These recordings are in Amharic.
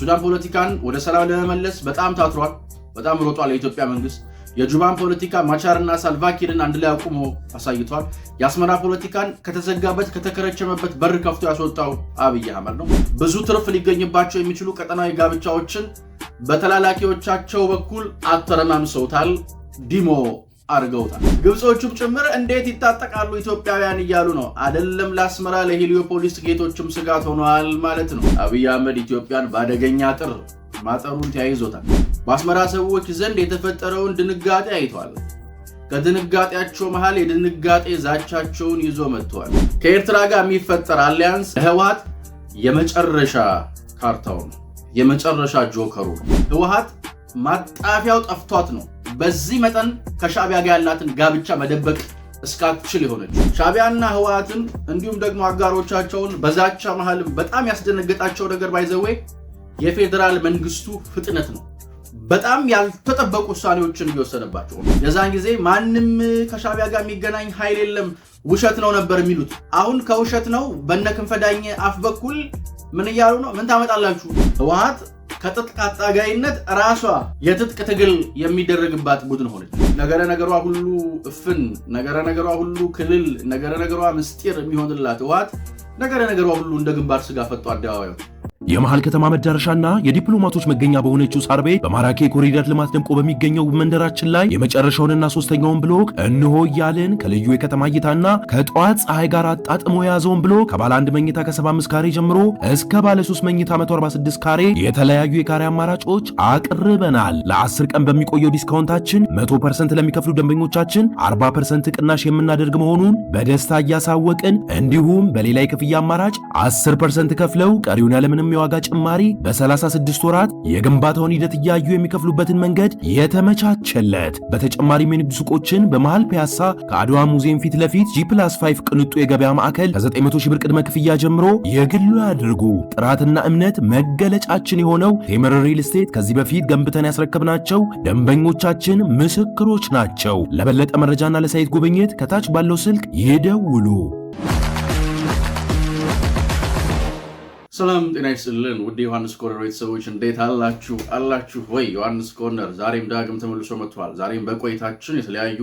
ሱዳን ፖለቲካን ወደ ሰላም ለመመለስ በጣም ታትሯል፣ በጣም ሮጧል። የኢትዮጵያ መንግስት የጁባን ፖለቲካ ማቻርና ሳልቫኪርን አንድ ላይ አቁሞ አሳይቷል። የአስመራ ፖለቲካን ከተዘጋበት ከተከረቸመበት በር ከፍቶ ያስወጣው አብይ አህመድ ነው። ብዙ ትርፍ ሊገኝባቸው የሚችሉ ቀጠናዊ ጋብቻዎችን በተላላኪዎቻቸው በኩል አተረማምሰውታል ዲሞ አድርገውታል። ግብጾቹም ጭምር እንዴት ይታጠቃሉ ኢትዮጵያውያን እያሉ ነው። አይደለም ለአስመራ ለሄሊዮፖሊስ ጌቶችም ስጋት ሆነዋል ማለት ነው። አብይ አህመድ ኢትዮጵያን በአደገኛ አጥር ማጠሩን ተያይዞታል። በአስመራ ሰዎች ዘንድ የተፈጠረውን ድንጋጤ አይቷል። ከድንጋጤያቸው መሃል የድንጋጤ ዛቻቸውን ይዞ መጥተዋል። ከኤርትራ ጋር የሚፈጠር አሊያንስ ለህወሓት የመጨረሻ ካርታው ነው፣ የመጨረሻ ጆከሩ ነው። ህወሓት ማጣፊያው ጠፍቷት ነው በዚህ መጠን ከሻቢያ ጋር ያላትን ጋብቻ መደበቅ እስካትችል የሆነች ሻቢያና ህወሓትን እንዲሁም ደግሞ አጋሮቻቸውን በዛቻ መሀል በጣም ያስደነገጣቸው ነገር ባይዘዌ የፌዴራል መንግስቱ ፍጥነት ነው። በጣም ያልተጠበቁ ውሳኔዎችን እየወሰደባቸው ነው። የዛን ጊዜ ማንም ከሻቢያ ጋር የሚገናኝ ኃይል የለም ውሸት ነው ነበር የሚሉት። አሁን ከውሸት ነው በነ ክንፈ ዳኘ አፍ በኩል ምን እያሉ ነው? ምን ታመጣላችሁ? ህወሓት ከትጥቅ ራሷ የትጥቅ ትግል የሚደረግባት ቡድን ሆነች። ነገረ ነገሯ ሁሉ እፍን፣ ነገረ ነገሯ ሁሉ ክልል፣ ነገረ ነገሯ ምስጢር የሚሆንላት ህወሓት ነገረ ነገሯ ሁሉ እንደ ግንባር ስጋ ፈቶ አደባባይ የመሃል ከተማ መዳረሻና የዲፕሎማቶች መገኛ በሆነችው ሳርቤ በማራኪ ኮሪደር ልማት ደምቆ በሚገኘው መንደራችን ላይ የመጨረሻውንና ሶስተኛውን ብሎክ እንሆ እያልን ከልዩ የከተማ እይታና ከጠዋት ፀሐይ ጋር አጣጥሞ የያዘውን ብሎክ ከባለ አንድ መኝታ ከ75 ካሬ ጀምሮ እስከ ባለ 3 መኝታ 146 ካሬ የተለያዩ የካሬ አማራጮች አቅርበናል። ለ10 ቀን በሚቆየው ዲስካውንታችን 100% ለሚከፍሉ ደንበኞቻችን 40% ቅናሽ የምናደርግ መሆኑን በደስታ እያሳወቅን እንዲሁም በሌላ የክፍያ አማራጭ 10% ከፍለው ቀሪውን ያለምንም የዋጋ ጭማሪ በ36 ወራት የግንባታውን ሂደት እያዩ የሚከፍሉበትን መንገድ የተመቻቸለት። በተጨማሪም የንግድ ሱቆችን በመሃል ፒያሳ ከአድዋ ሙዚየም ፊት ለፊት G+5 ቅንጡ የገበያ ማዕከል ከ900 ሺህ ብር ቅድመ ክፍያ ጀምሮ የግሉ ያድርጉ። ጥራትና እምነት መገለጫችን የሆነው ቴምር ሪል ስቴት ከዚህ በፊት ገንብተን ያስረከብናቸው ደንበኞቻችን ምስክሮች ናቸው። ለበለጠ መረጃና ለሳይት ጉብኝት ከታች ባለው ስልክ ይደውሉ። ሰላም ጤና ይስጥልን ውድ ዮሐንስ ኮርነር ቤተሰቦች እንዴት አላችሁ? አላችሁ ወይ? ዮሐንስ ኮርነር ዛሬም ዳግም ተመልሶ መጥቷል። ዛሬም በቆይታችን የተለያዩ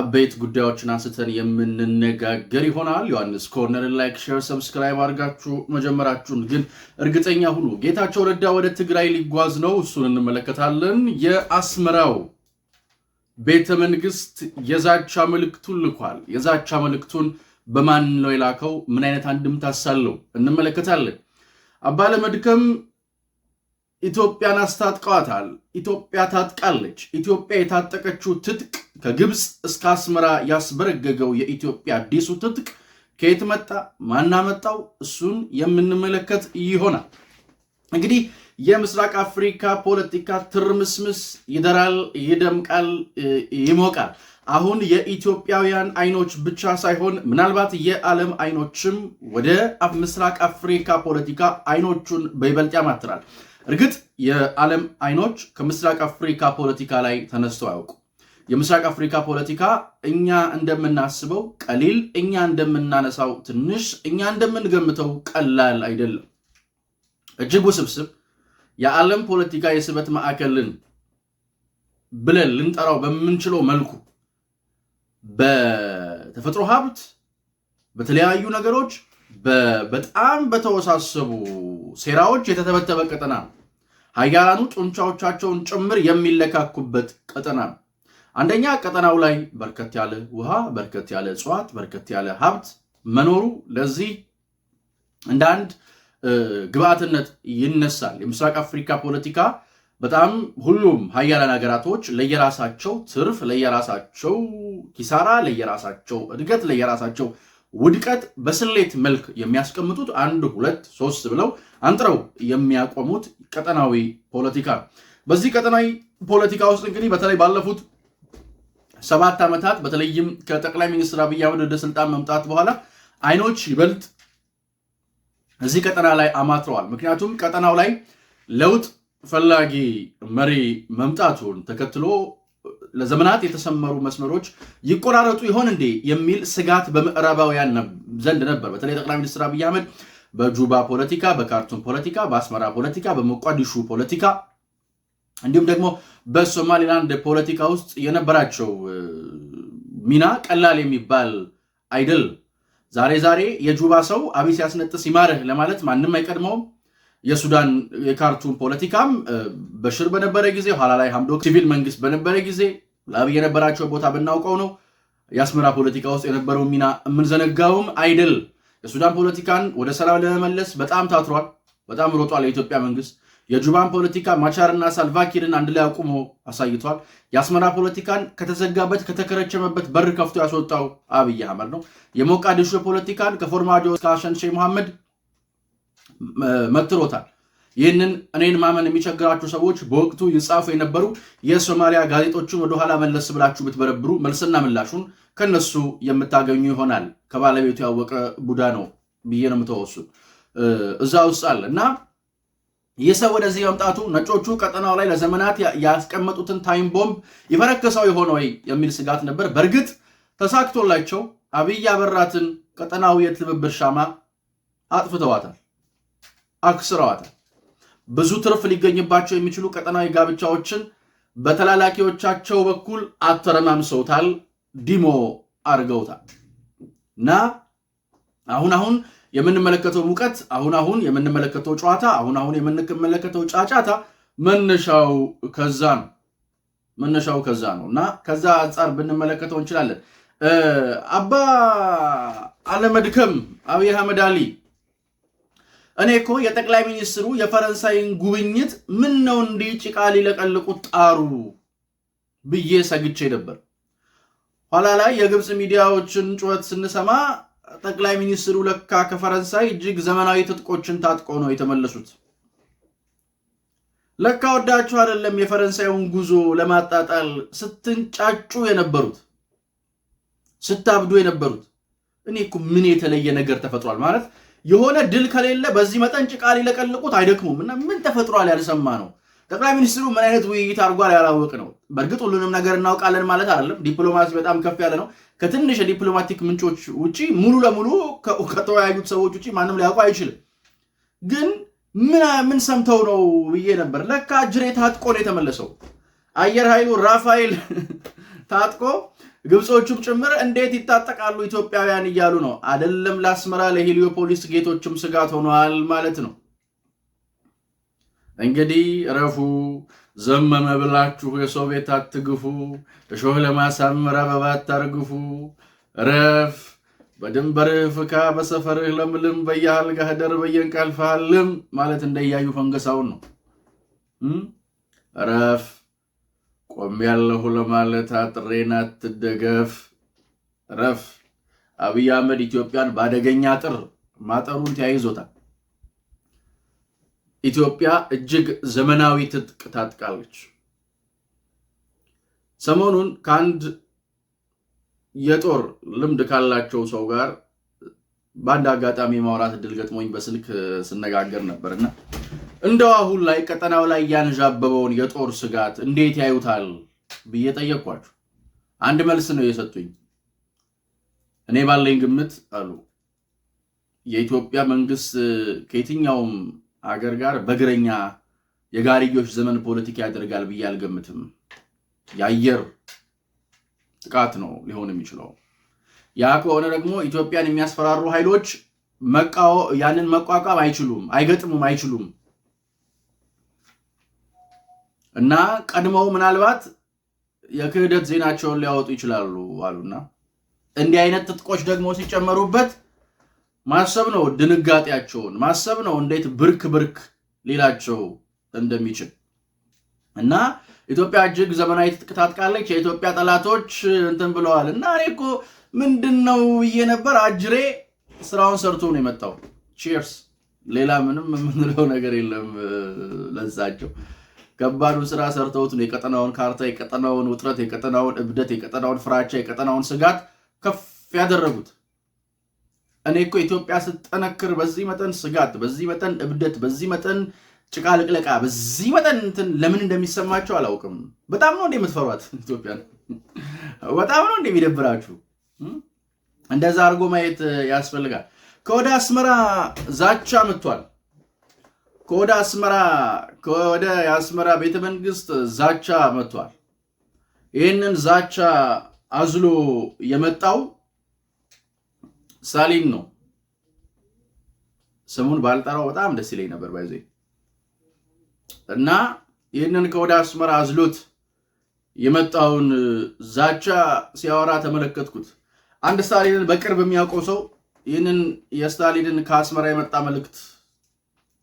አበይት ጉዳዮችን አንስተን የምንነጋገር ይሆናል። ዮሐንስ ኮርነርን ላይክ፣ ሼር፣ ሰብስክራይብ አድርጋችሁ መጀመራችሁን ግን እርግጠኛ ሁኑ። ጌታቸው ረዳ ወደ ትግራይ ሊጓዝ ነው። እሱን እንመለከታለን። የአስመራው ቤተ መንግስት የዛቻ መልእክቱን ልኳል። የዛቻ መልእክቱን በማን ነው የላከው? ምን አይነት አንድምታስ አለው? እንመለከታለን አባለመድከም ኢትዮጵያን አስታጥቀዋታል። ኢትዮጵያ ታጥቃለች። ኢትዮጵያ የታጠቀችው ትጥቅ ከግብፅ እስከ አስመራ ያስበረገገው የኢትዮጵያ አዲሱ ትጥቅ ከየት መጣ? ማናመጣው? እሱን የምንመለከት ይሆናል። እንግዲህ የምስራቅ አፍሪካ ፖለቲካ ትርምስምስ ይደራል፣ ይደምቃል፣ ይሞቃል። አሁን የኢትዮጵያውያን አይኖች ብቻ ሳይሆን ምናልባት የዓለም አይኖችም ወደ ምስራቅ አፍሪካ ፖለቲካ አይኖቹን በይበልጥ ያማትራል። እርግጥ የዓለም አይኖች ከምስራቅ አፍሪካ ፖለቲካ ላይ ተነስተው አያውቁ። የምስራቅ አፍሪካ ፖለቲካ እኛ እንደምናስበው ቀሊል፣ እኛ እንደምናነሳው ትንሽ፣ እኛ እንደምንገምተው ቀላል አይደለም። እጅግ ውስብስብ የዓለም ፖለቲካ የስበት ማዕከልን ብለን ልንጠራው በምንችለው መልኩ በተፈጥሮ ሀብት፣ በተለያዩ ነገሮች በጣም በተወሳሰቡ ሴራዎች የተተበተበ ቀጠና ነው። ሀያላኑ ጡንቻዎቻቸውን ጭምር የሚለካኩበት ቀጠና ነው። አንደኛ ቀጠናው ላይ በርከት ያለ ውሃ፣ በርከት ያለ እጽዋት፣ በርከት ያለ ሀብት መኖሩ ለዚህ እንደ አንድ ግብአትነት ይነሳል። የምስራቅ አፍሪካ ፖለቲካ በጣም ሁሉም ሀያላን ሀገራቶች ለየራሳቸው ትርፍ ለየራሳቸው ኪሳራ፣ ለየራሳቸው እድገት፣ ለየራሳቸው ውድቀት በስሌት መልክ የሚያስቀምጡት አንድ ሁለት ሶስት ብለው አንጥረው የሚያቆሙት ቀጠናዊ ፖለቲካ በዚህ ቀጠናዊ ፖለቲካ ውስጥ እንግዲህ በተለይ ባለፉት ሰባት ዓመታት በተለይም ከጠቅላይ ሚኒስትር አብይ አህመድ ወደ ስልጣን መምጣት በኋላ አይኖች ይበልጥ እዚህ ቀጠና ላይ አማትረዋል። ምክንያቱም ቀጠናው ላይ ለውጥ ፈላጊ መሪ መምጣቱን ተከትሎ ለዘመናት የተሰመሩ መስመሮች ይቆራረጡ ይሆን እንዴ የሚል ስጋት በምዕራባውያን ዘንድ ነበር። በተለይ ጠቅላይ ሚኒስትር አብይ አህመድ በጁባ ፖለቲካ፣ በካርቱም ፖለቲካ፣ በአስመራ ፖለቲካ፣ በሞቃዲሹ ፖለቲካ እንዲሁም ደግሞ በሶማሊላንድ ፖለቲካ ውስጥ የነበራቸው ሚና ቀላል የሚባል አይደል። ዛሬ ዛሬ የጁባ ሰው አብይ ሲያስነጥስ ይማርህ ለማለት ማንም አይቀድመውም። የሱዳን የካርቱም ፖለቲካም በሽር በነበረ ጊዜ ኋላ ላይ ሐምዶክ ሲቪል መንግስት በነበረ ጊዜ ለአብይ የነበራቸው ቦታ ብናውቀው ነው የአስመራ ፖለቲካ ውስጥ የነበረው ሚና የምንዘነጋውም አይደል። የሱዳን ፖለቲካን ወደ ሰላም ለመመለስ በጣም ታትሯል፣ በጣም ሮጧል የኢትዮጵያ መንግስት። የጁባን ፖለቲካ ማቻርና ሳልቫኪርን አንድ ላይ አቁሞ አሳይቷል። የአስመራ ፖለቲካን ከተዘጋበት ከተከረቸመበት በር ከፍቶ ያስወጣው አብይ አህመድ ነው። የሞቃዲሾ ፖለቲካን ከፎርማጆ እስከ መሐመድ መትሮታል። ይህንን እኔን ማመን የሚቸግራችሁ ሰዎች በወቅቱ ይጻፉ የነበሩ የሶማሊያ ጋዜጦችን ወደኋላ መለስ ብላችሁ ብትበረብሩ መልስና ምላሹን ከነሱ የምታገኙ ይሆናል። ከባለቤቱ ያወቀ ቡዳ ነው ብዬ ነው የምተወሱ እዛ ውስጥ አለ እና ይህ ሰው ወደዚህ መምጣቱ ነጮቹ ቀጠናው ላይ ለዘመናት ያስቀመጡትን ታይም ቦምብ ይፈረክሰው የሆነ ወይ የሚል ስጋት ነበር። በእርግጥ ተሳክቶላቸው አብይ ያበራትን ቀጠናዊ የትብብር ሻማ አጥፍተዋታል፣ አክስረዋታል። ብዙ ትርፍ ሊገኝባቸው የሚችሉ ቀጠናዊ ጋብቻዎችን በተላላኪዎቻቸው በኩል አተረማምሰውታል፣ ዲሞ አድርገውታል እና አሁን አሁን የምንመለከተው ሙቀት፣ አሁን አሁን የምንመለከተው ጨዋታ፣ አሁን አሁን የምንመለከተው ጫጫታ መነሻው ከዛ ነው። መነሻው ከዛ ነው እና ከዛ አንጻር ብንመለከተው እንችላለን። አባ አለመድከም አብይ አህመድ አሊ እኔ እኮ የጠቅላይ ሚኒስትሩ የፈረንሳይን ጉብኝት ምን ነው እንዲህ ጭቃ ሊለቀልቁት ጣሩ ብዬ ሰግቼ ነበር። ኋላ ላይ የግብፅ ሚዲያዎችን ጩኸት ስንሰማ ጠቅላይ ሚኒስትሩ ለካ ከፈረንሳይ እጅግ ዘመናዊ ትጥቆችን ታጥቆ ነው የተመለሱት። ለካ ወዳችሁ አይደለም የፈረንሳዩን ጉዞ ለማጣጣል ስትንጫጩ የነበሩት ስታብዱ የነበሩት። እኔ እኮ ምን የተለየ ነገር ተፈጥሯል ማለት የሆነ ድል ከሌለ በዚህ መጠን ጭቃ ሊለቀልቁት አይደክሙም እና ምን ተፈጥሯል ያልሰማ ነው። ጠቅላይ ሚኒስትሩ ምን አይነት ውይይት አድርጓል ያላወቅ ነው። በእርግጥ ሁሉንም ነገር እናውቃለን ማለት አይደለም። ዲፕሎማሲ በጣም ከፍ ያለ ነው። ከትንሽ የዲፕሎማቲክ ምንጮች ውጭ ሙሉ ለሙሉ ከተወያዩት ሰዎች ውጭ ማንም ሊያውቁ አይችልም። ግን ምን ሰምተው ነው ብዬ ነበር። ለካ ጅሬ ታጥቆ ነው የተመለሰው። አየር ኃይሉ ራፋኤል ታጥቆ ግብጾቹም ጭምር እንዴት ይታጠቃሉ ኢትዮጵያውያን እያሉ ነው። አይደለም ለአስመራ ለሄሊዮፖሊስ ጌቶችም ስጋት ሆኗል ማለት ነው። እንግዲህ ረፉ ዘመመ ብላችሁ የሰው ቤት አትግፉ፣ እሾህ ለማሳመር አበባ አታርግፉ። ረፍ በድንበርህ ፍካ፣ በሰፈርህ ለምልም፣ በየአልጋህ ደር በየእንቅልፍህ ማለት እንደያዩ ፈንገሳውን ነው። ረፍ ቆም ያለሁ ለማለት አጥሬን አትደገፍ። ረፍ አብይ አህመድ ኢትዮጵያን በአደገኛ አጥር ማጠሩን ተያይዞታል። ኢትዮጵያ እጅግ ዘመናዊ ትጥቅ ታጥቃለች። ሰሞኑን ከአንድ የጦር ልምድ ካላቸው ሰው ጋር በአንድ አጋጣሚ ማውራት እድል ገጥሞኝ በስልክ ስነጋገር ነበርና እንደው አሁን ላይ ቀጠናው ላይ ያንዣበበውን የጦር ስጋት እንዴት ያዩታል ብዬ ጠየቅኳቸው። አንድ መልስ ነው የሰጡኝ። እኔ ባለኝ ግምት አሉ የኢትዮጵያ መንግስት ከየትኛውም አገር ጋር በእግረኛ የጋርዮች ዘመን ፖለቲካ ያደርጋል ብዬ አልገምትም። የአየር ጥቃት ነው ሊሆን የሚችለው። ያ ከሆነ ደግሞ ኢትዮጵያን የሚያስፈራሩ ኃይሎች ያንን መቋቋም አይችሉም፣ አይገጥሙም፣ አይችሉም። እና ቀድመው ምናልባት የክህደት ዜናቸውን ሊያወጡ ይችላሉ አሉና እንዲህ አይነት ትጥቆች ደግሞ ሲጨመሩበት ማሰብ ነው ድንጋጤያቸውን፣ ማሰብ ነው እንዴት ብርክ ብርክ ሊላቸው እንደሚችል እና ኢትዮጵያ እጅግ ዘመናዊ ትጥቅ ታጥቃለች፣ የኢትዮጵያ ጠላቶች እንትን ብለዋል እና እኔ እኮ ምንድን ነው ብዬ ነበር። አጅሬ ስራውን ሰርቶ ነው የመጣው። ቺርስ። ሌላ ምንም የምንለው ነገር የለም ለዛቸው ከባዱን ስራ ሰርተውት ነው የቀጠናውን ካርታ፣ የቀጠናውን ውጥረት፣ የቀጠናውን እብደት፣ የቀጠናውን ፍራቻ፣ የቀጠናውን ስጋት ከፍ ያደረጉት። እኔ እኮ ኢትዮጵያ ስጠነክር በዚህ መጠን ስጋት፣ በዚህ መጠን እብደት፣ በዚህ መጠን ጭቃ ልቅለቃ፣ በዚህ መጠን እንትን ለምን እንደሚሰማቸው አላውቅም። በጣም ነው እንደ የምትፈሯት ኢትዮጵያን፣ በጣም ነው እንደ የሚደብራችሁ። እንደዛ አድርጎ ማየት ያስፈልጋል። ከወደ አስመራ ዛቻ መጥቷል። ከወደ አስመራ ከወደ የአስመራ ቤተ መንግስት ዛቻ መጥቷል። ይህንን ዛቻ አዝሎ የመጣው ሳሊን ነው። ስሙን ባልጠራው በጣም ደስ ይለኝ ነበር ባይዘ እና ይህንን ከወደ አስመራ አዝሎት የመጣውን ዛቻ ሲያወራ ተመለከትኩት። አንድ ስታሊንን በቅርብ የሚያውቀው ሰው ይህንን የስታሊንን ከአስመራ የመጣ መልእክት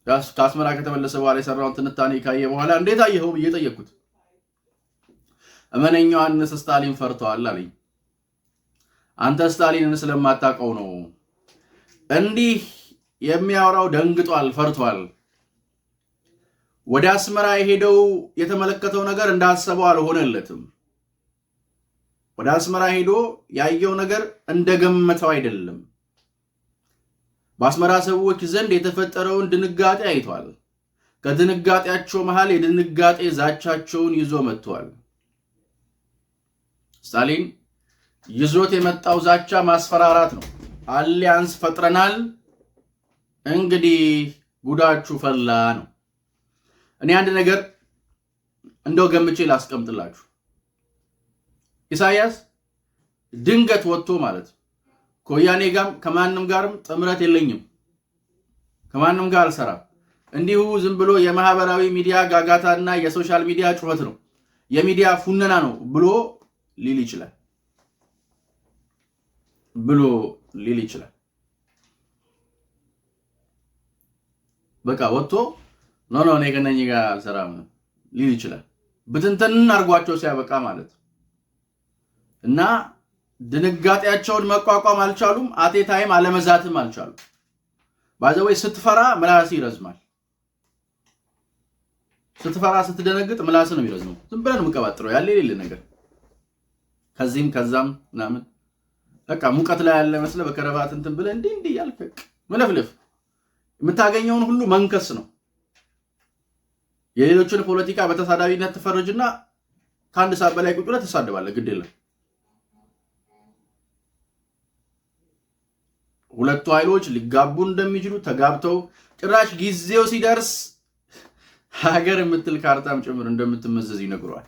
ከአስመራ ከተመለሰ በኋላ የሰራውን ትንታኔ ካየ በኋላ እንዴት አየኸው ብዬ ጠየቅኩት። እመነኛው ዮሐንስ ስታሊን ፈርተዋል አለኝ። አንተ ስታሊንን ስለማታውቀው ነው እንዲህ የሚያወራው። ደንግጧል፣ ፈርቷል። ወደ አስመራ የሄደው የተመለከተው ነገር እንዳሰበው አልሆነለትም። ወደ አስመራ ሄዶ ያየው ነገር እንደገመተው አይደለም። በአስመራ ሰዎች ዘንድ የተፈጠረውን ድንጋጤ አይቷል። ከድንጋጤያቸው መሃል የድንጋጤ ዛቻቸውን ይዞ መጥቷል። ስታሊን ይዞት የመጣው ዛቻ ማስፈራራት ነው። አሊያንስ ፈጥረናል፣ እንግዲህ ጉዳችሁ ፈላ ነው። እኔ አንድ ነገር እንደው ገምቼ ላስቀምጥላችሁ። ኢሳያስ ድንገት ወጥቶ ማለት ነው ከወያኔ ጋርም ከማንም ጋርም ጥምረት የለኝም። ከማንም ጋር አልሰራም። እንዲሁ ዝም ብሎ የማህበራዊ ሚዲያ ጋጋታ እና የሶሻል ሚዲያ ጩኸት ነው፣ የሚዲያ ፉነና ነው ብሎ ሊል ይችላል ብሎ ሊል ይችላል። በቃ ወጥቶ ኖ ኖ እኔ ከነኝ ጋር አልሰራም ሊል ይችላል። ብትንትን አድርጓቸው ሲያበቃ ማለት እና ድንጋጤያቸውን መቋቋም አልቻሉም። አቴታይም አለመዛትም አልቻሉም። ባዘወይ ስትፈራ ምላስ ይረዝማል። ስትፈራ ስትደነግጥ ምላስ ነው የሚረዝመው። ዝም ብለን የምቀባጥረው ያለ የሌለ ነገር ከዚህም ከዛም ምናምን በቃ ሙቀት ላይ ያለ መስለ በከረባት እንትን ብለ እንዲህ እንዲህ ያልፈቅ ምለፍልፍ የምታገኘውን ሁሉ መንከስ ነው። የሌሎችን ፖለቲካ በተሳዳቢነት ትፈርጅና ከአንድ ሰዓት በላይ ቁጭ ብለህ ትሳደባለህ። ግድ የለም። ሁለቱ ኃይሎች ሊጋቡ እንደሚችሉ ተጋብተው ጭራሽ ጊዜው ሲደርስ ሀገር የምትል ካርታም ጭምር እንደምትመዘዝ ይነግረዋል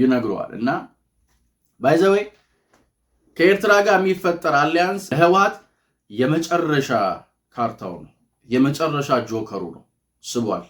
ይነግረዋል እና ባይዘወይ ከኤርትራ ጋር የሚፈጠር አሊያንስ ለህወሓት የመጨረሻ ካርታው ነው፣ የመጨረሻ ጆከሩ ነው። ስቧል።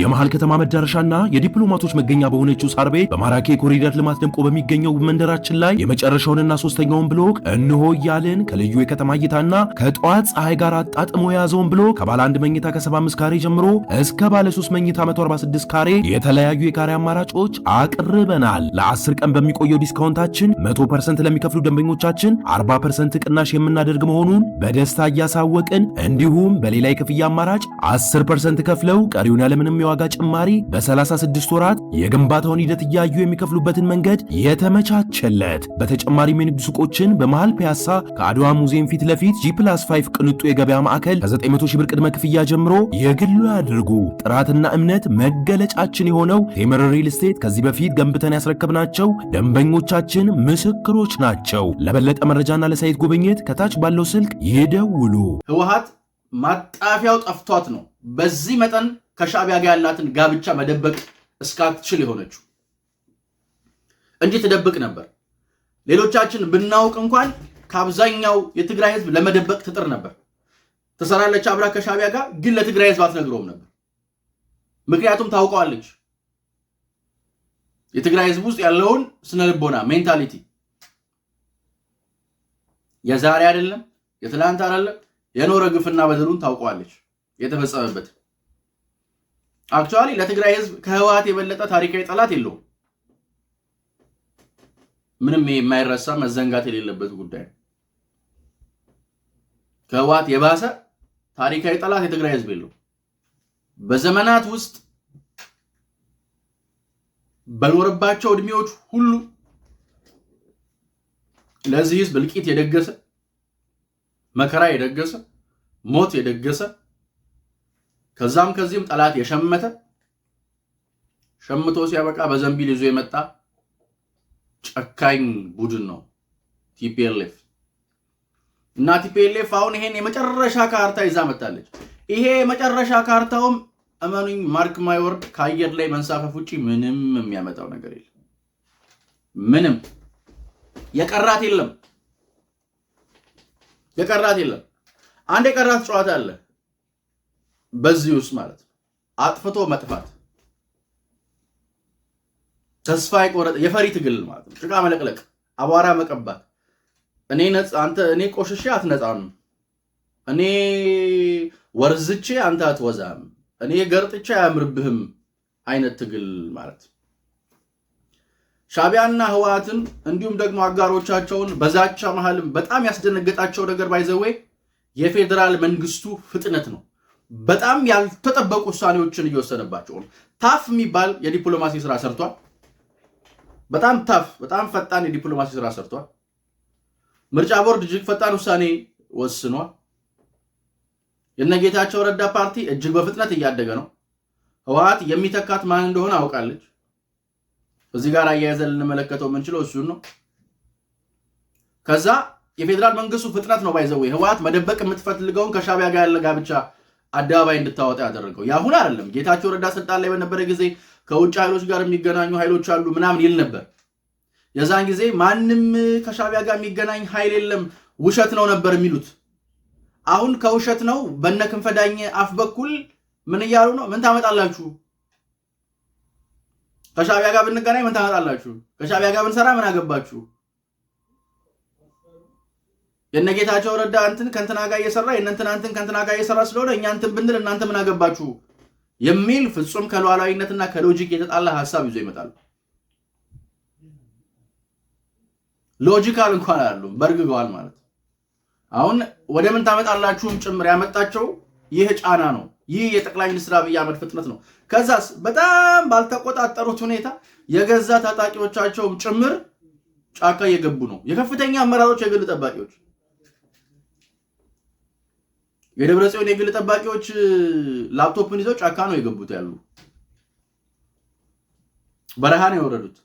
የመሃል ከተማ መዳረሻና የዲፕሎማቶች መገኛ በሆነችው ሳርቤ በማራኪ የኮሪደር ልማት ደምቆ በሚገኘው መንደራችን ላይ የመጨረሻውንና ሶስተኛውን ብሎክ እንሆ እያልን ከልዩ የከተማ እይታና ከጠዋት ፀሐይ ጋር አጣጥሞ የያዘውን ብሎክ ከባለ አንድ መኝታ ከ75 ካሬ ጀምሮ እስከ ባለ 3 መኝታ 146 ካሬ የተለያዩ የካሬ አማራጮች አቅርበናል ለአስር ቀን በሚቆየው ዲስካውንታችን 100% ለሚከፍሉ ደንበኞቻችን 40% ቅናሽ የምናደርግ መሆኑን በደስታ እያሳወቅን እንዲሁም በሌላ የክፍያ አማራጭ 10% ከፍለው ቀሪውን ያለምንም የዋጋ ጭማሪ በ36 ወራት የግንባታውን ሂደት እያዩ የሚከፍሉበትን መንገድ የተመቻቸለት። በተጨማሪም የንግድ ሱቆችን በመሃል ፒያሳ ከአድዋ ሙዚየም ፊት ለፊት G+5 ቅንጡ የገበያ ማዕከል ከ900 ሺህ ብር ቅድመ ክፍያ ጀምሮ የግሉ ያድርጉ። ጥራትና እምነት መገለጫችን የሆነው ቴምር ሪል ስቴት ከዚህ በፊት ገንብተን ያስረከብናቸው ደንበኞቻችን ምስክሮች ናቸው። ለበለጠ መረጃና ለሳይት ጉብኝት ከታች ባለው ስልክ ይደውሉ። ህወሓት ማጣፊያው ጠፍቷት ነው በዚህ መጠን ከሻቢያ ጋር ያላትን ጋብቻ መደበቅ እስካትችል የሆነችው እንጂ ትደብቅ ነበር። ሌሎቻችን ብናውቅ እንኳን ከአብዛኛው የትግራይ ህዝብ ለመደበቅ ትጥር ነበር። ትሰራለች አብራ ከሻቢያ ጋር ግን ለትግራይ ህዝብ አትነግረውም ነበር። ምክንያቱም ታውቀዋለች የትግራይ ህዝብ ውስጥ ያለውን ስነልቦና ሜንታሊቲ። የዛሬ አይደለም የትላንት አይደለም የኖረ ግፍና በደሉን ታውቀዋለች የተፈጸመበት አክቹዋሊ ለትግራይ ህዝብ ከህወሀት የበለጠ ታሪካዊ ጠላት የለውም። ምንም የማይረሳ መዘንጋት የሌለበት ጉዳይ ከህወሀት የባሰ ታሪካዊ ጠላት የትግራይ ህዝብ የለው። በዘመናት ውስጥ በኖረባቸው እድሜዎች ሁሉ ለዚህ ህዝብ እልቂት የደገሰ መከራ የደገሰ ሞት የደገሰ ከዛም ከዚህም ጠላት የሸመተ ሸምቶ ሲያበቃ በዘንቢል ይዞ የመጣ ጨካኝ ቡድን ነው ቲፒኤልኤፍ እና ቲፒኤልኤፍ አሁን ይሄን የመጨረሻ ካርታ ይዛ መጣለች። ይሄ የመጨረሻ ካርታውም እመኑኝ ማርክ ማይወርድ ከአየር ላይ መንሳፈፍ ውጭ ምንም የሚያመጣው ነገር የለም። ምንም የቀራት የለም የቀራት የለም። አንድ የቀራት ጨዋታ አለ። በዚህ ውስጥ ማለት ነው አጥፍቶ መጥፋት ተስፋ የቆረጠ የፈሪ ትግል ማለት ነው። ጭቃ መለቅለቅ፣ አቧራ መቀባት፣ እኔ ነፃ አንተ እኔ ቆሽሼ አትነጻም፣ እኔ ወርዝቼ አንተ አትወዛም፣ እኔ ገርጥቼ አያምርብህም አይነት ትግል ማለት ሻቢያና ህወሓትን እንዲሁም ደግሞ አጋሮቻቸውን በዛቻ መሃልም በጣም ያስደነገጣቸው ነገር ባይዘዌ የፌዴራል መንግስቱ ፍጥነት ነው። በጣም ያልተጠበቁ ውሳኔዎችን እየወሰነባቸው ነው። ታፍ የሚባል የዲፕሎማሲ ስራ ሰርቷል። በጣም ታፍ፣ በጣም ፈጣን የዲፕሎማሲ ስራ ሰርቷል። ምርጫ ቦርድ እጅግ ፈጣን ውሳኔ ወስኗል። የነጌታቸው ረዳ ፓርቲ እጅግ በፍጥነት እያደገ ነው። ህወሓት የሚተካት ማን እንደሆነ አውቃለች። እዚህ ጋር አያይዘን ልንመለከተው የምንችለው እሱን ነው። ከዛ የፌዴራል መንግስቱ ፍጥነት ነው ባይዘው ህወሓት መደበቅ የምትፈልገውን ከሻቢያ ጋር ያለ ጋብቻ አደባባይ እንድታወጣ ያደረገው ያሁን አይደለም። ጌታቸው ረዳ ስልጣን ላይ በነበረ ጊዜ ከውጭ ኃይሎች ጋር የሚገናኙ ኃይሎች አሉ ምናምን ይል ነበር። የዛን ጊዜ ማንም ከሻቢያ ጋር የሚገናኝ ኃይል የለም ውሸት ነው ነበር የሚሉት። አሁን ከውሸት ነው በነ ክንፈዳኝ አፍ በኩል ምን እያሉ ነው? ምን ታመጣላችሁ? ከሻቢያ ጋር ብንገናኝ ምን ታመጣላችሁ? ከሻቢያ ጋር ብንሰራ ምን አገባችሁ? የነጌታቸው ረዳ እንትን ከንትና ጋር እየሰራ የእነንትናንትን ከንትና ጋር እየሰራ ስለሆነ እኛ እንትን ብንል እናንተ ምን አገባችሁ የሚል ፍጹም ከሉዓላዊነትና ከሎጂክ የተጣላ ሀሳብ ይዞ ይመጣሉ። ሎጂካል እንኳን አሉ በርግገዋል ማለት አሁን ወደ ምን ታመጣላችሁም ጭምር ያመጣቸው ይህ ጫና ነው። ይህ የጠቅላይ ሚኒስትር አብይ አህመድ ፍጥነት ነው። ከዛስ በጣም ባልተቆጣጠሩት ሁኔታ የገዛ ታጣቂዎቻቸውም ጭምር ጫካ እየገቡ ነው። የከፍተኛ አመራሮች፣ የግል ጠባቂዎች የደብረ ጽዮን የግል ጠባቂዎች ላፕቶፕን ይዘው ጫካ ነው የገቡት። ያሉ በረሃ ነው የወረዱት።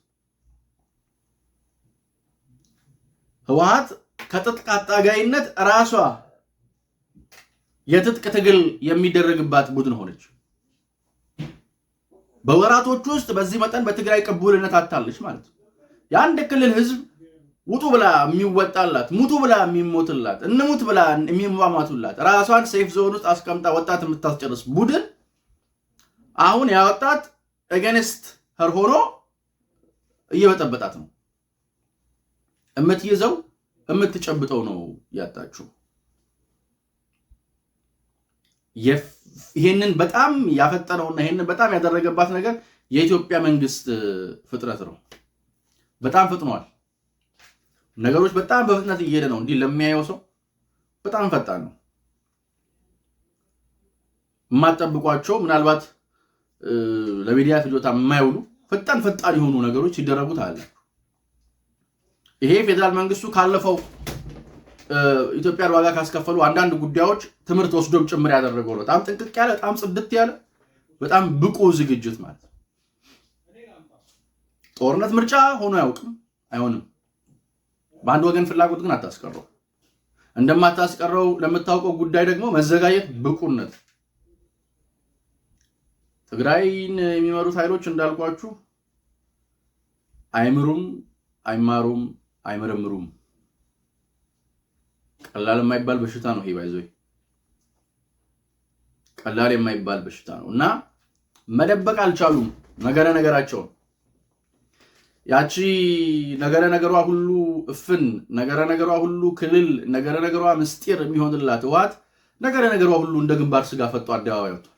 ህወሓት ከትጥቅ አጣጋይነት ራሷ የትጥቅ ትግል የሚደረግባት ቡድን ሆነች። በወራቶች ውስጥ በዚህ መጠን በትግራይ ቅቡልነት አታለች ማለት ነው። የአንድ ክልል ህዝብ ውጡ ብላ የሚወጣላት ሙቱ ብላ የሚሞትላት እንሙት ብላ የሚሟሟቱላት ራሷን ሴፍ ዞን ውስጥ አስቀምጣ ወጣት የምታስጨርስ ቡድን አሁን ያወጣት ወጣት ኤገንስት ሆኖ እየበጠበጣት ነው። እምትይዘው እምትጨብጠው ነው ያጣችሁ። ይህንን በጣም ያፈጠነውና ይህንን በጣም ያደረገባት ነገር የኢትዮጵያ መንግስት ፍጥረት ነው። በጣም ፍጥኗል። ነገሮች በጣም በፍጥነት እየሄደ ነው። እንዲህ ለሚያየው ሰው በጣም ፈጣን ነው። የማጠብቋቸው ምናልባት ለሚዲያ ፍጆታ የማይውሉ ፈጣን ፈጣን የሆኑ ነገሮች ሲደረጉት አለ። ይሄ ፌዴራል መንግስቱ ካለፈው ኢትዮጵያን ዋጋ ካስከፈሉ አንዳንድ ጉዳዮች ትምህርት ወስዶም ጭምር ያደረገው ነው። በጣም ጥንቅቅ ያለ በጣም ጽድት ያለ በጣም ብቁ ዝግጅት ማለት ነው። ጦርነት ምርጫ ሆኖ አያውቅም፣ አይሆንም። በአንድ ወገን ፍላጎት ግን አታስቀረው። እንደማታስቀረው ለምታውቀው ጉዳይ ደግሞ መዘጋጀት ብቁነት። ትግራይን የሚመሩት ኃይሎች እንዳልኳችሁ አይምሩም፣ አይማሩም፣ አይመረምሩም። ቀላል የማይባል በሽታ ነው ይሄ ቀላል የማይባል በሽታ ነው እና መደበቅ አልቻሉም ነገረ ነገራቸውን ያቺ ነገረ ነገሯ ሁሉ እፍን ነገረ ነገሯ ሁሉ ክልል ነገረ ነገሯ ምስጢር የሚሆንላት ህወሓት ነገረ ነገሯ ሁሉ እንደ ግንባር ስጋ ፈጦ አደባባይ ወጥቷል።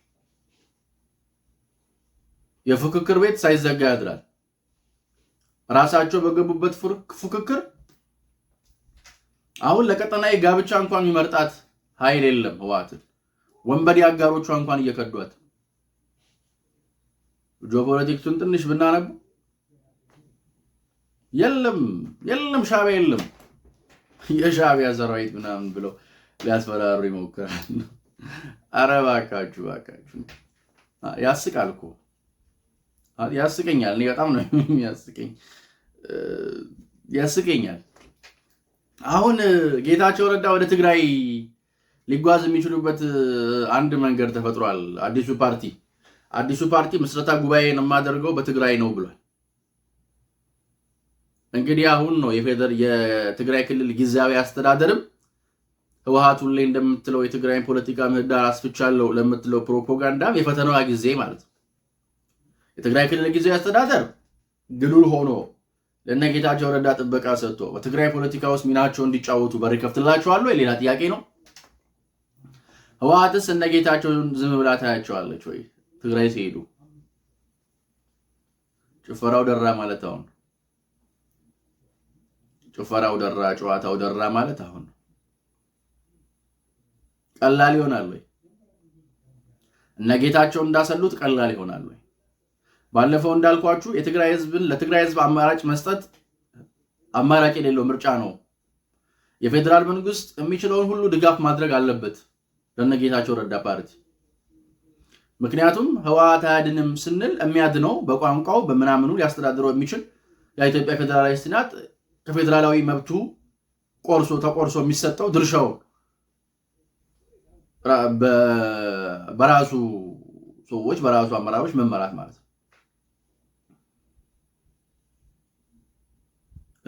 የፉክክር ቤት ሳይዘጋ ያድራል። ራሳቸው በገቡበት ፉክክር አሁን ለቀጠናዊ ጋብቻ እንኳን የሚመርጣት ኃይል የለም። ህወሓትን ወንበዴ አጋሮቿ እንኳን እየከዷት ጂኦፖለቲክሱን ትንሽ ብናነቡ የለም የለም ሻቢያ የለም የሻቢያ ሰራዊት ምናምን ብለው ሊያስፈራሩ ይሞክራል አረ እባካችሁ እባካችሁ፣ ያስቃል እኮ ያስቀኛል። እኔ በጣም ነው የሚያስቀኝ ያስቀኛል። አሁን ጌታቸው ረዳ ወደ ትግራይ ሊጓዝ የሚችሉበት አንድ መንገድ ተፈጥሯል። አዲሱ ፓርቲ አዲሱ ፓርቲ ምስረታ ጉባኤን የማደርገው በትግራይ ነው ብሏል። እንግዲህ አሁን ነው የፌደር የትግራይ ክልል ጊዜያዊ አስተዳደርም ህወሓት ላይ እንደምትለው የትግራይን ፖለቲካ ምህዳር አስፍቻለሁ ለምትለው ፕሮፓጋንዳም የፈተናዋ ጊዜ ማለት ነው። የትግራይ ክልል ጊዜያዊ አስተዳደር ግሉል ሆኖ ለእነ ጌታቸው ረዳ ጥበቃ ሰጥቶ በትግራይ ፖለቲካ ውስጥ ሚናቸው እንዲጫወቱ በር ይከፍትላቸዋለሁ? የሌላ ጥያቄ ነው። ህወሓትስ እነ ጌታቸውን ዝም ብላ ታያቸዋለች ወይ? ትግራይ ሲሄዱ ጭፈራው ደራ ማለት አሁን ጭፈራው ደራ፣ ጨዋታው ደራ ማለት አሁን ነው። ቀላል ይሆናል ወይ? እነ ጌታቸው እንዳሰሉት ቀላል ይሆናል ወይ? ባለፈው እንዳልኳችሁ የትግራይ ህዝብን ለትግራይ ህዝብ አማራጭ መስጠት አማራጭ የሌለው ምርጫ ነው። የፌዴራል መንግስት የሚችለውን ሁሉ ድጋፍ ማድረግ አለበት ጌታቸው ረዳ ፓርቲ። ምክንያቱም ህወሓት አያድንም ስንል የሚያድነው በቋንቋው በምናምኑ ሊያስተዳድረው የሚችል የኢትዮጵያ ፌዴራላዊ ከፌዴራላዊ መብቱ ቆርሶ ተቆርሶ የሚሰጠው ድርሻው በራሱ ሰዎች በራሱ አመራሮች መመራት ማለት ነው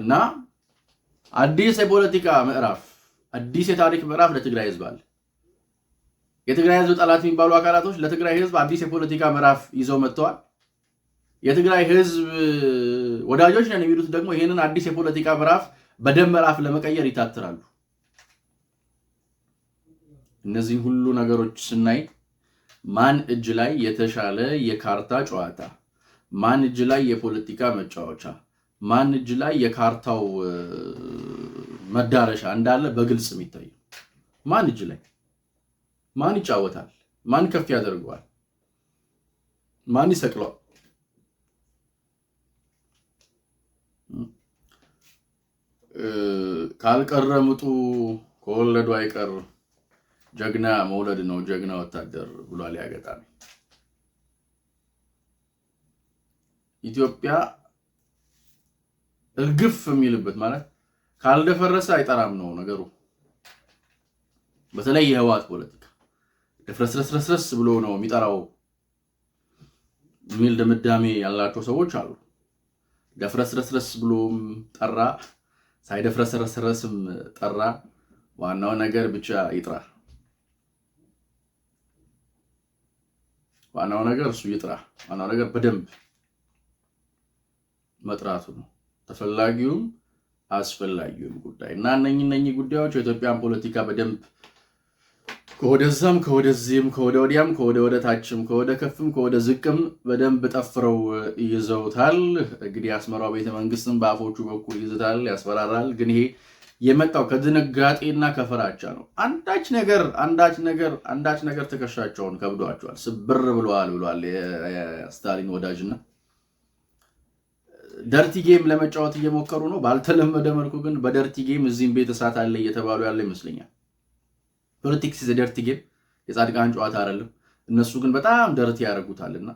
እና አዲስ የፖለቲካ ምዕራፍ አዲስ የታሪክ ምዕራፍ ለትግራይ ህዝብ አለ። የትግራይ ህዝብ ጠላት የሚባሉ አካላቶች ለትግራይ ህዝብ አዲስ የፖለቲካ ምዕራፍ ይዘው መጥተዋል። የትግራይ ህዝብ ወዳጆች ነን የሚሉት ደግሞ ይህንን አዲስ የፖለቲካ ምዕራፍ በደም ምዕራፍ ለመቀየር ይታትራሉ። እነዚህ ሁሉ ነገሮች ስናይ ማን እጅ ላይ የተሻለ የካርታ ጨዋታ፣ ማን እጅ ላይ የፖለቲካ መጫወቻ፣ ማን እጅ ላይ የካርታው መዳረሻ እንዳለ በግልጽ የሚታይ ማን እጅ ላይ ማን ይጫወታል፣ ማን ከፍ ያደርገዋል፣ ማን ይሰቅለዋል። ካልቀረ ምጡ ከወለዱ አይቀር ጀግና መውለድ ነው ጀግና ወታደር ብሏል ያገጣሚ። ኢትዮጵያ እርግፍ የሚልበት ማለት ካልደፈረሰ አይጠራም ነው ነገሩ። በተለይ የህወሓት ፖለቲካ ደፍረስረስረስረስ ብሎ ነው የሚጠራው የሚል ድምዳሜ ያላቸው ሰዎች አሉ። ደፍረስረስረስ ብሎም ጠራ ሳይደፍረሰረሰረስም ጠራ። ዋናው ነገር ብቻ ይጥራ። ዋናው ነገር እሱ ይጥራ። ዋናው ነገር በደንብ መጥራቱ ነው። ተፈላጊውም አስፈላጊውም ጉዳይ እና እነኚህ እነኚህ ጉዳዮች የኢትዮጵያን ፖለቲካ በደንብ ከወደዛም ከወደዚህም ከወደ ወዲያም ከወደ ወደ ታችም ከወደ ከፍም ከወደ ዝቅም በደንብ ጠፍረው ይዘውታል። እንግዲህ አስመራው ቤተመንግስትም በአፎቹ በኩል ይዝታል፣ ያስፈራራል። ግን ይሄ የመጣው ከድንጋጤና ከፍራቻ ነው። አንዳች ነገር አንዳች ነገር አንዳች ነገር ትከሻቸውን ከብዷቸዋል፣ ስብር ብለዋል ብሏል የስታሊን ወዳጅና ደርቲ ጌም ለመጫወት እየሞከሩ ነው። ባልተለመደ መልኩ ግን በደርቲ ጌም እዚህም ቤት እሳት አለ እየተባሉ ያለ ይመስለኛል። የሆነ ቲክስ ደርቲ ጌም የጻድቃን ጨዋታ አይደለም። እነሱ ግን በጣም ደርቲ ያደርጉታልና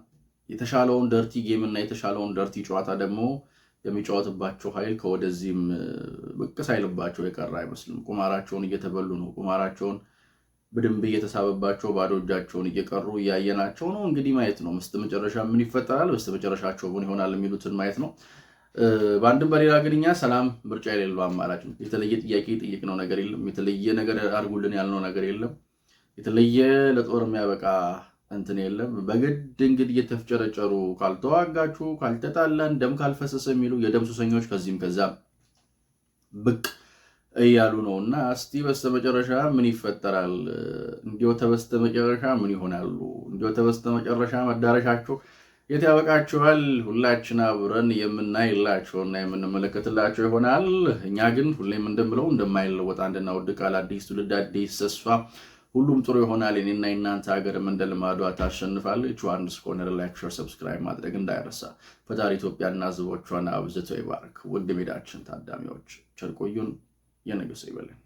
የተሻለውን ደርቲ ጌም እና የተሻለውን ደርቲ ጨዋታ ደግሞ የሚጫወትባቸው ኃይል ከወደዚህም ብቅ ሳይልባቸው የቀረ አይመስልም። ቁማራቸውን እየተበሉ ነው። ቁማራቸውን በደንብ እየተሳበባቸው ባዶ እጃቸውን እየቀሩ እያየናቸው ነው። እንግዲህ ማየት ነው። መጨረሻ ምን ይፈጠራል፣ በስተመጨረሻቸው ምን ይሆናል የሚሉትን ማየት ነው። በአንድም በሌላ ግንኛ ሰላም ምርጫ የሌለው አማራጭ ነው። የተለየ ጥያቄ ነው ነገር የለም። የተለየ ነገር አድርጉልን ያልነው ነገር የለም። የተለየ ለጦር የሚያበቃ እንትን የለም። በግድ እንግዲህ እየተፍጨረጨሩ ካልተዋጋችሁ፣ ካልተጣላን፣ ደም ካልፈሰሰ የሚሉ የደም ሱሰኞች ከዚህም ከዛ ብቅ እያሉ ነው እና እስቲ በስተመጨረሻ ምን ይፈጠራል? እንዲያው ተበስተመጨረሻ ምን ይሆናሉ? እንዲያው ተበስተመጨረሻ መዳረሻቸው የት ያበቃችኋል? ሁላችን አብረን የምናይላቸውና የምንመለከትላቸው ይሆናል። እኛ ግን ሁሌም እንደምለው እንደማይለወጥ አንድና ውድ ቃል፣ አዲስ ትውልድ፣ አዲስ ተስፋ፣ ሁሉም ጥሩ ይሆናል። እኔና የእናንተ ሀገርም እንደ ልማዷ ታሸንፋለች። ዮሐንስ ኮርነር ላይክ፣ ሸር፣ ሰብስክራይብ ማድረግ እንዳይረሳ። ፈጣሪ ኢትዮጵያና ሕዝቦቿን አብዝቶ ይባርክ። ውድ ሜዳችን ታዳሚዎች ቸር ቆዩን። የነገሰ ይበለን።